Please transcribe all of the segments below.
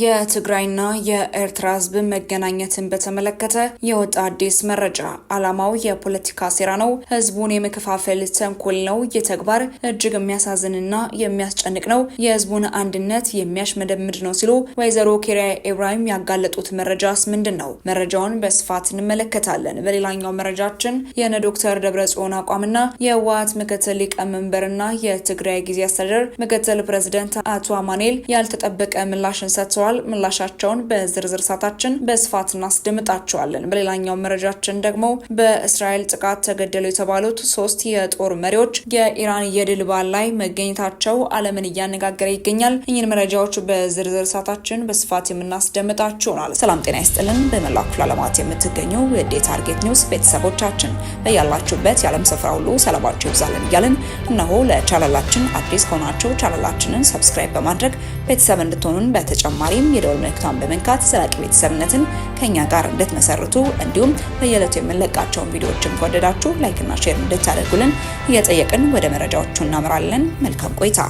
የትግራይና የኤርትራ ህዝብ መገናኘትን በተመለከተ የወጣ አዲስ መረጃ ዓላማው የፖለቲካ ሴራ ነው፣ ህዝቡን የመከፋፈል ተንኮል ነው። የተግባር እጅግ የሚያሳዝንና የሚያስጨንቅ ነው፣ የህዝቡን አንድነት የሚያሽመደምድ ነው ሲሉ ወይዘሮ ኬሪያ ኢብራሂም ያጋለጡት መረጃስ ምንድን ነው? መረጃውን በስፋት እንመለከታለን። በሌላኛው መረጃችን የነ ዶክተር ደብረጽዮን አቋምና የህወሓት ምክትል ሊቀመንበርና የትግራይ ጊዜ አስተዳደር ምክትል ፕሬዚደንት አቶ አማኔል ያልተጠበቀ ምላሽን ሰጥተዋል። ደርሰዋል። ምላሻቸውን በዝርዝር ሰዓታችን በስፋት እናስደምጣቸዋለን። በሌላኛው መረጃችን ደግሞ በእስራኤል ጥቃት ተገደሉ የተባሉት ሶስት የጦር መሪዎች የኢራን የድል በዓል ላይ መገኘታቸው ዓለምን እያነጋገረ ይገኛል። እኝን መረጃዎች በዝርዝር ሰዓታችን በስፋት የምናስደምጣችሁ ይሆናል። ሰላም ጤና ይስጥልን። በመላው ክፍለ ዓለማት የምትገኙ የዴ ታርጌት ኒውስ ቤተሰቦቻችን በያላችሁበት የዓለም ስፍራ ሁሉ ሰላማችሁ ይብዛልን እያልን እነሆ ለቻናላችን አዲስ ከሆናችሁ ቻናላችንን ሰብስክራይብ በማድረግ ቤተሰብ እንድትሆኑን በተጨማሪ በተጨማሪም የደወል ምልክቷን በመንካት ዘላቂ ቤተሰብነትን ከኛ ጋር እንድትመሰርቱ እንዲሁም በየዕለቱ የምንለቃቸውን ቪዲዮዎችን ከወደዳችሁ ላይክና ሼር እንድታደርጉልን እየጠየቅን ወደ መረጃዎቹ እናምራለን። መልካም ቆይታ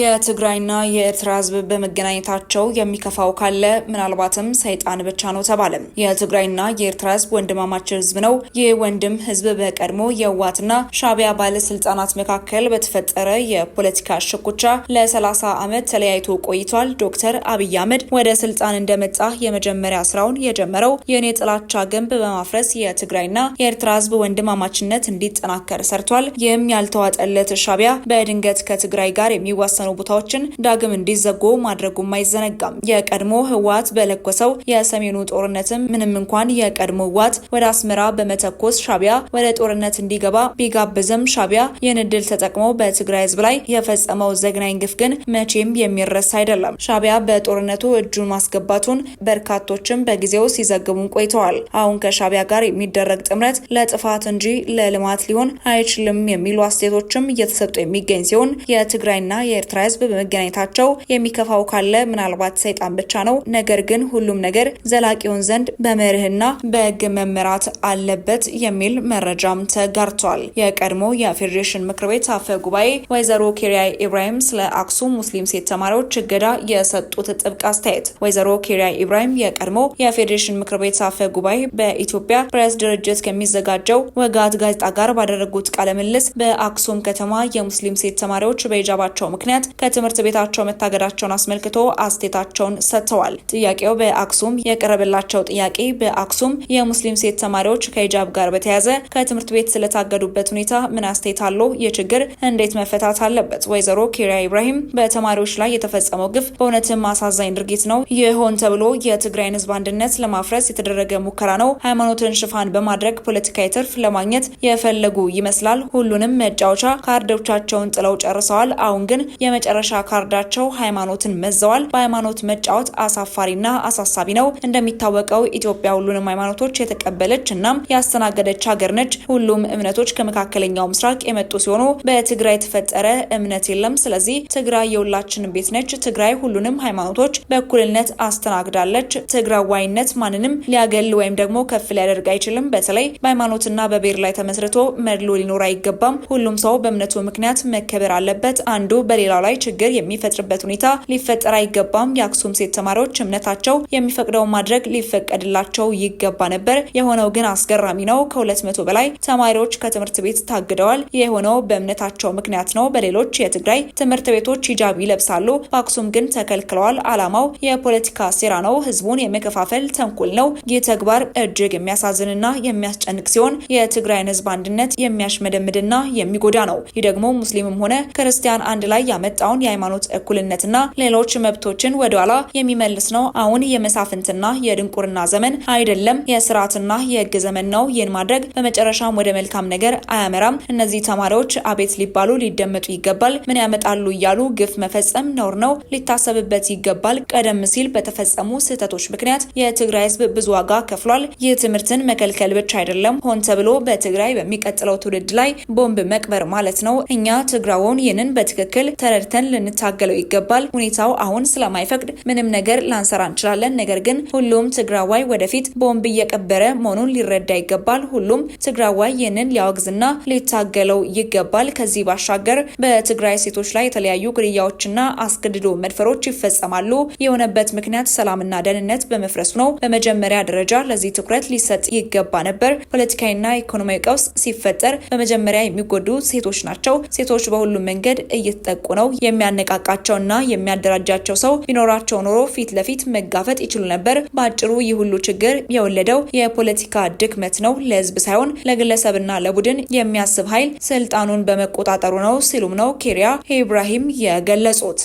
የትግራይና የኤርትራ ህዝብ በመገናኘታቸው የሚከፋው ካለ ምናልባትም ሰይጣን ብቻ ነው ተባለ። የትግራይና የኤርትራ ህዝብ ወንድማማች ህዝብ ነው። ይህ ወንድም ህዝብ በቀድሞ የህወሓትና ሻቢያ ባለስልጣናት መካከል በተፈጠረ የፖለቲካ ሽኩቻ ለ30 ዓመት ተለያይቶ ቆይቷል። ዶክተር አብይ አህመድ ወደ ስልጣን እንደመጣ የመጀመሪያ ስራውን የጀመረው የእኔ ጥላቻ ግንብ በማፍረስ የትግራይና የኤርትራ ህዝብ ወንድማማችነት እንዲጠናከር ሰርቷል። ይህም ያልተዋጠለት ሻቢያ በድንገት ከትግራይ ጋር የሚዋ። የተወሰኑ ቦታዎችን ዳግም እንዲዘጉ ማድረጉም አይዘነጋም። የቀድሞ ህወሓት በለኮሰው የሰሜኑ ጦርነትም ምንም እንኳን የቀድሞ ህወሓት ወደ አስመራ በመተኮስ ሻቢያ ወደ ጦርነት እንዲገባ ቢጋብዝም ሻቢያ ይህን እድል ተጠቅሞ በትግራይ ህዝብ ላይ የፈጸመው ዘግናኝ ግፍ ግን መቼም የሚረሳ አይደለም። ሻቢያ በጦርነቱ እጁን ማስገባቱን በርካቶችም በጊዜው ሲዘግቡን ቆይተዋል። አሁን ከሻቢያ ጋር የሚደረግ ጥምረት ለጥፋት እንጂ ለልማት ሊሆን አይችልም የሚሉ አስተያየቶችም እየተሰጡ የሚገኝ ሲሆን የትግራይና የኤርትራ ህዝብ በመገናኘታቸው የሚከፋው ካለ ምናልባት ሰይጣን ብቻ ነው። ነገር ግን ሁሉም ነገር ዘላቂውን ዘንድ በመርህና በህግ መመራት አለበት የሚል መረጃም ተጋርቷል። የቀድሞ የፌዴሬሽን ምክር ቤት አፈ ጉባኤ ወይዘሮ ኬሪያ ኢብራሂም ስለ አክሱም ሙስሊም ሴት ተማሪዎች እገዳ የሰጡት ጥብቅ አስተያየት። ወይዘሮ ኬሪያ ኢብራሂም የቀድሞ የፌዴሬሽን ምክር ቤት አፈ ጉባኤ በኢትዮጵያ ፕሬስ ድርጅት ከሚዘጋጀው ወጋት ጋዜጣ ጋር ባደረጉት ቃለ ምልልስ በአክሱም ከተማ የሙስሊም ሴት ተማሪዎች በሂጃባቸው ምክንያት ምክንያት ከትምህርት ቤታቸው መታገዳቸውን አስመልክቶ አስቴታቸውን ሰጥተዋል። ጥያቄው በአክሱም የቀረበላቸው ጥያቄ በአክሱም የሙስሊም ሴት ተማሪዎች ከሂጃብ ጋር በተያያዘ ከትምህርት ቤት ስለታገዱበት ሁኔታ ምን አስቴት አለው? የችግር እንዴት መፈታት አለበት? ወይዘሮ ኬሪያ ኢብራሂም በተማሪዎች ላይ የተፈጸመው ግፍ በእውነትም አሳዛኝ ድርጊት ነው። ይሆን ተብሎ የትግራይን ህዝብ አንድነት ለማፍረስ የተደረገ ሙከራ ነው። ሃይማኖትን ሽፋን በማድረግ ፖለቲካዊ ትርፍ ለማግኘት የፈለጉ ይመስላል። ሁሉንም መጫወቻ ካርዶቻቸውን ጥለው ጨርሰዋል። አሁን ግን የመጨረሻ ካርዳቸው ሃይማኖትን መዘዋል። በሃይማኖት መጫወት አሳፋሪና አሳሳቢ ነው። እንደሚታወቀው ኢትዮጵያ ሁሉንም ሃይማኖቶች የተቀበለች እናም ያስተናገደች ሀገር ነች። ሁሉም እምነቶች ከመካከለኛው ምስራቅ የመጡ ሲሆኑ በትግራይ የተፈጠረ እምነት የለም። ስለዚህ ትግራይ የሁላችንም ቤት ነች። ትግራይ ሁሉንም ሃይማኖቶች በእኩልነት አስተናግዳለች። ትግራዋይነት ማንንም ሊያገል ወይም ደግሞ ከፍ ሊያደርግ አይችልም። በተለይ በሃይማኖትና በብሔር ላይ ተመስርቶ መድሎ ሊኖር አይገባም። ሁሉም ሰው በእምነቱ ምክንያት መከበር አለበት። አንዱ በሌላ በሌላው ላይ ችግር የሚፈጥርበት ሁኔታ ሊፈጠር አይገባም። የአክሱም ሴት ተማሪዎች እምነታቸው የሚፈቅደውን ማድረግ ሊፈቀድላቸው ይገባ ነበር። የሆነው ግን አስገራሚ ነው። ከሁለት መቶ በላይ ተማሪዎች ከትምህርት ቤት ታግደዋል። የሆነው በእምነታቸው ምክንያት ነው። በሌሎች የትግራይ ትምህርት ቤቶች ሂጃብ ይለብሳሉ፣ በአክሱም ግን ተከልክለዋል። አላማው የፖለቲካ ሴራ ነው፣ ህዝቡን የመከፋፈል ተንኮል ነው። ይህ ተግባር እጅግ የሚያሳዝንና የሚያስጨንቅ ሲሆን የትግራይን ህዝብ አንድነት የሚያሽመደምድና የሚጎዳ ነው። ይህ ደግሞ ሙስሊምም ሆነ ክርስቲያን አንድ ላይ ያመጣውን የሃይማኖት እኩልነትና ሌሎች መብቶችን ወደኋላ የሚመልስ ነው። አሁን የመሳፍንትና የድንቁርና ዘመን አይደለም፣ የስርዓትና የህግ ዘመን ነው። ይህን ማድረግ በመጨረሻም ወደ መልካም ነገር አያመራም። እነዚህ ተማሪዎች አቤት ሊባሉ ሊደመጡ ይገባል። ምን ያመጣሉ እያሉ ግፍ መፈጸም ነውር ነው፣ ሊታሰብበት ይገባል። ቀደም ሲል በተፈጸሙ ስህተቶች ምክንያት የትግራይ ህዝብ ብዙ ዋጋ ከፍሏል። ይህ ትምህርትን መከልከል ብቻ አይደለም፣ ሆን ተብሎ በትግራይ በሚቀጥለው ትውልድ ላይ ቦምብ መቅበር ማለት ነው። እኛ ትግራውን ይህንን በትክክል ተረ ተረድተን ልንታገለው ይገባል። ሁኔታው አሁን ስለማይፈቅድ ምንም ነገር ላንሰራ እንችላለን። ነገር ግን ሁሉም ትግራዋይ ወደፊት ቦምብ እየቀበረ መሆኑን ሊረዳ ይገባል። ሁሉም ትግራዋይ ይህንን ሊያወግዝና ሊታገለው ይገባል። ከዚህ ባሻገር በትግራይ ሴቶች ላይ የተለያዩ ግድያዎችና አስገድዶ መድፈሮች ይፈጸማሉ። የሆነበት ምክንያት ሰላምና ደህንነት በመፍረሱ ነው። በመጀመሪያ ደረጃ ለዚህ ትኩረት ሊሰጥ ይገባ ነበር። ፖለቲካዊና ኢኮኖሚያዊ ቀውስ ሲፈጠር በመጀመሪያ የሚጎዱ ሴቶች ናቸው። ሴቶች በሁሉም መንገድ እየተጠቁ ነው የሚያነቃቃቸውና የሚያደራጃቸው ሰው ቢኖራቸው ኖሮ ፊት ለፊት መጋፈጥ ይችሉ ነበር። በአጭሩ ይህ ሁሉ ችግር የወለደው የፖለቲካ ድክመት ነው፣ ለህዝብ ሳይሆን ለግለሰብና ለቡድን የሚያስብ ኃይል ስልጣኑን በመቆጣጠሩ ነው ሲሉም ነው ኬሪያ ኢብራሂም የገለጹት።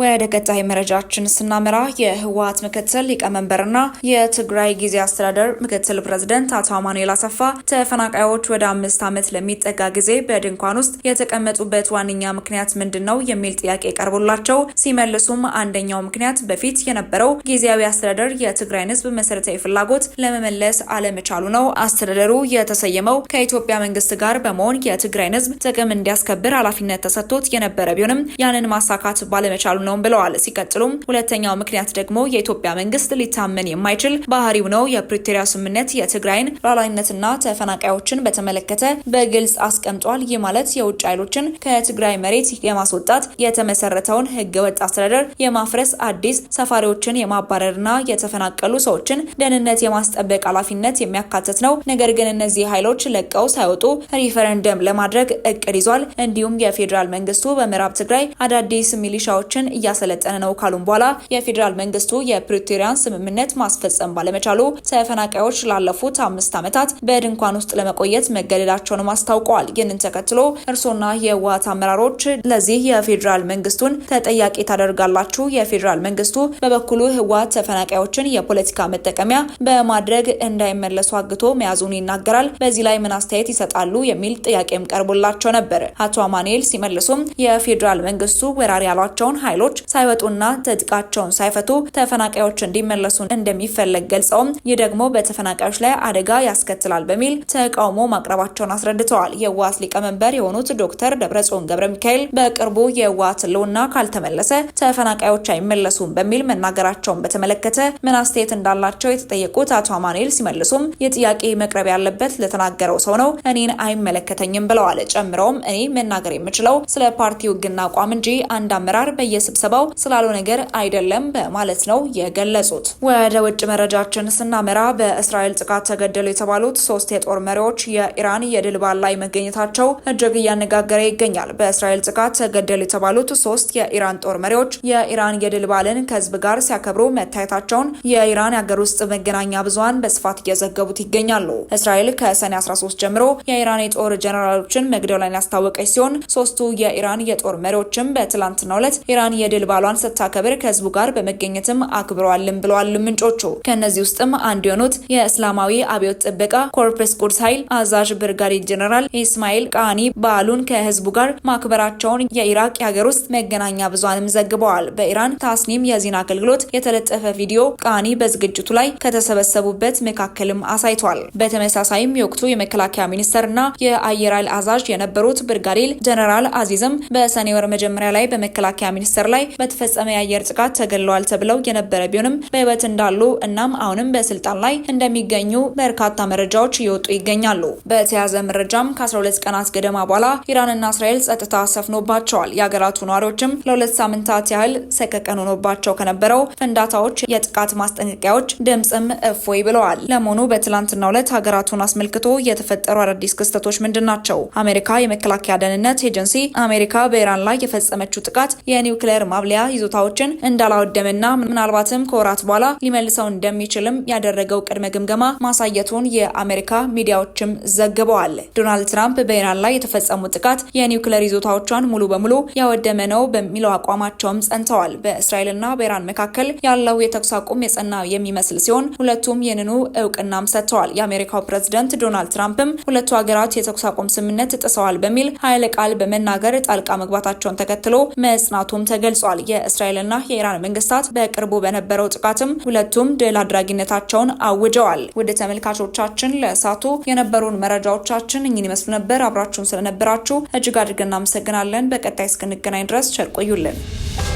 ወደ ቀጣይ መረጃችን ስናመራ የህወሀት ምክትል ሊቀመንበርና የትግራይ ጊዜ አስተዳደር ምክትል ፕሬዝደንት አቶ አማኑኤል አሰፋ ተፈናቃዮች ወደ አምስት ዓመት ለሚጠጋ ጊዜ በድንኳን ውስጥ የተቀመጡበት ዋነኛ ምክንያት ምንድን ነው የሚል ጥያቄ ቀርቦላቸው ሲመልሱም አንደኛው ምክንያት በፊት የነበረው ጊዜያዊ አስተዳደር የትግራይን ህዝብ መሰረታዊ ፍላጎት ለመመለስ አለመቻሉ ነው። አስተዳደሩ የተሰየመው ከኢትዮጵያ መንግስት ጋር በመሆን የትግራይን ህዝብ ጥቅም እንዲያስከብር ኃላፊነት ተሰጥቶት የነበረ ቢሆንም ያንን ማሳካት ባለመቻሉ ነው ብለዋል። ሲቀጥሉም ሁለተኛው ምክንያት ደግሞ የኢትዮጵያ መንግስት ሊታመን የማይችል ባህሪው ነው። የፕሪቶሪያ ስምምነት የትግራይን ሉዓላዊነትና ተፈናቃዮችን በተመለከተ በግልጽ አስቀምጧል። ይህ ማለት የውጭ ኃይሎችን ከትግራይ መሬት የማስወጣት የተመሰረተውን ህገ ወጥ አስተዳደር የማፍረስ አዲስ ሰፋሪዎችን የማባረርና የተፈናቀሉ ሰዎችን ደህንነት የማስጠበቅ ኃላፊነት የሚያካትት ነው። ነገር ግን እነዚህ ኃይሎች ለቀው ሳይወጡ ሪፈረንደም ለማድረግ እቅድ ይዟል። እንዲሁም የፌዴራል መንግስቱ በምዕራብ ትግራይ አዳዲስ ሚሊሻዎችን እያሰለጠነ ነው ካሉም በኋላ የፌዴራል መንግስቱ የፕሪቶሪያን ስምምነት ማስፈጸም ባለመቻሉ ተፈናቃዮች ላለፉት አምስት ዓመታት በድንኳን ውስጥ ለመቆየት መገደዳቸውንም አስታውቀዋል። ይህንን ተከትሎ እርሶና የህወሀት አመራሮች ለዚህ የፌዴራል መንግስቱን ተጠያቂ ታደርጋላችሁ። የፌዴራል መንግስቱ በበኩሉ ህወሀት ተፈናቃዮችን የፖለቲካ መጠቀሚያ በማድረግ እንዳይመለሱ አግቶ መያዙን ይናገራል። በዚህ ላይ ምን አስተያየት ይሰጣሉ? የሚል ጥያቄም ቀርቦላቸው ነበር። አቶ አማኑኤል ሲመልሱም የፌዴራል መንግስቱ ወራሪ ያሏቸውን ኃይሎች ኃይሎች ሳይወጡና ትጥቃቸውን ሳይፈቱ ተፈናቃዮች እንዲመለሱ እንደሚፈለግ ገልጸውም ይህ ደግሞ በተፈናቃዮች ላይ አደጋ ያስከትላል በሚል ተቃውሞ ማቅረባቸውን አስረድተዋል። የህወሓት ሊቀመንበር የሆኑት ዶክተር ደብረጽዮን ገብረ ሚካኤል በቅርቡ የህወሓት ህልውና ካልተመለሰ ተፈናቃዮች አይመለሱም በሚል መናገራቸውን በተመለከተ ምን አስተያየት እንዳላቸው የተጠየቁት አቶ አማኑኤል ሲመልሱም የጥያቄ መቅረብ ያለበት ለተናገረው ሰው ነው፣ እኔን አይመለከተኝም ብለዋል። ጨምረውም እኔ መናገር የምችለው ስለ ፓርቲው ህግና አቋም እንጂ አንድ አመራር በየስ ስብሰባው ስላለው ነገር አይደለም በማለት ነው የገለጹት። ወደ ውጭ መረጃችን ስናመራ በእስራኤል ጥቃት ተገደሉ የተባሉት ሶስት የጦር መሪዎች የኢራን የድል በዓል ላይ መገኘታቸው እጅግ እያነጋገረ ይገኛል። በእስራኤል ጥቃት ተገደሉ የተባሉት ሶስት የኢራን ጦር መሪዎች የኢራን የድል በዓልን ከህዝብ ጋር ሲያከብሩ መታየታቸውን የኢራን የሀገር ውስጥ መገናኛ ብዙኃን በስፋት እየዘገቡት ይገኛሉ። እስራኤል ከሰኔ 13 ጀምሮ የኢራን የጦር ጀኔራሎችን መግደላን ያስታወቀች ሲሆን ሶስቱ የኢራን የጦር መሪዎችም በትላንትናው ዕለት ኢራን የድል ባሏን ስታከብር ከህዝቡ ጋር በመገኘትም አክብረዋልም ብለዋል ምንጮቹ። ከእነዚህ ውስጥም አንዱ የሆኑት የእስላማዊ አብዮት ጥበቃ ኮርፕስ ቁድስ ኃይል አዛዥ ብርጋዴር ጀነራል ኢስማኤል ቃኒ በዓሉን ከህዝቡ ጋር ማክበራቸውን የኢራቅ የሀገር ውስጥ መገናኛ ብዙሃንም ዘግበዋል። በኢራን ታስኒም የዜና አገልግሎት የተለጠፈ ቪዲዮ ቃኒ በዝግጅቱ ላይ ከተሰበሰቡበት መካከልም አሳይቷል። በተመሳሳይም የወቅቱ የመከላከያ ሚኒስተርና የአየር ኃይል አዛዥ የነበሩት ብርጋዴር ጀነራል አዚዝም በሰኔ ወር መጀመሪያ ላይ በመከላከያ ሚኒስተር ላይ በተፈጸመ የአየር ጥቃት ተገለዋል ተብለው የነበረ ቢሆንም በሕይወት እንዳሉ እናም አሁንም በስልጣን ላይ እንደሚገኙ በርካታ መረጃዎች እየወጡ ይገኛሉ። በተያዘ መረጃም ከ12 ቀናት ገደማ በኋላ ኢራንና እስራኤል ጸጥታ ሰፍኖባቸዋል። የሀገራቱ ነዋሪዎችም ለሁለት ሳምንታት ያህል ሰቀቀን ሆኖባቸው ከነበረው ፍንዳታዎች፣ የጥቃት ማስጠንቀቂያዎች ድምፅም እፎይ ብለዋል። ለመሆኑ በትላንትና ሁለት ሀገራቱን አስመልክቶ የተፈጠሩ አዳዲስ ክስተቶች ምንድን ናቸው? አሜሪካ የመከላከያ ደህንነት ኤጀንሲ አሜሪካ በኢራን ላይ የፈጸመችው ጥቃት የኒውክሌር የባለር ማብለያ ይዞታዎችን እንዳላወደመና ምናልባትም ከወራት በኋላ ሊመልሰው እንደሚችልም ያደረገው ቅድመ ግምገማ ማሳየቱን የአሜሪካ ሚዲያዎችም ዘግበዋል። ዶናልድ ትራምፕ በኢራን ላይ የተፈጸሙ ጥቃት የኒውክሌር ይዞታዎቿን ሙሉ በሙሉ ያወደመ ነው በሚለው አቋማቸውም ጸንተዋል። በእስራኤልና በኢራን መካከል ያለው የተኩስ አቁም የጸና የሚመስል ሲሆን ሁለቱም ይህንኑ እውቅናም ሰጥተዋል። የአሜሪካው ፕሬዝደንት ዶናልድ ትራምፕም ሁለቱ ሀገራት የተኩስ አቁም ስምምነት ጥሰዋል በሚል ኃይለ ቃል በመናገር ጣልቃ መግባታቸውን ተከትሎ መጽናቱም ተገ ተገልጿል። የእስራኤልና የኢራን መንግስታት በቅርቡ በነበረው ጥቃትም ሁለቱም ድል አድራጊነታቸውን አውጀዋል። ውድ ተመልካቾቻችን ለእሳቱ የነበሩን መረጃዎቻችን እኝን ይመስሉ ነበር። አብራችሁን ስለነበራችሁ እጅግ አድርገን እናመሰግናለን። በቀጣይ እስክንገናኝ ድረስ ቸር ቆዩልን።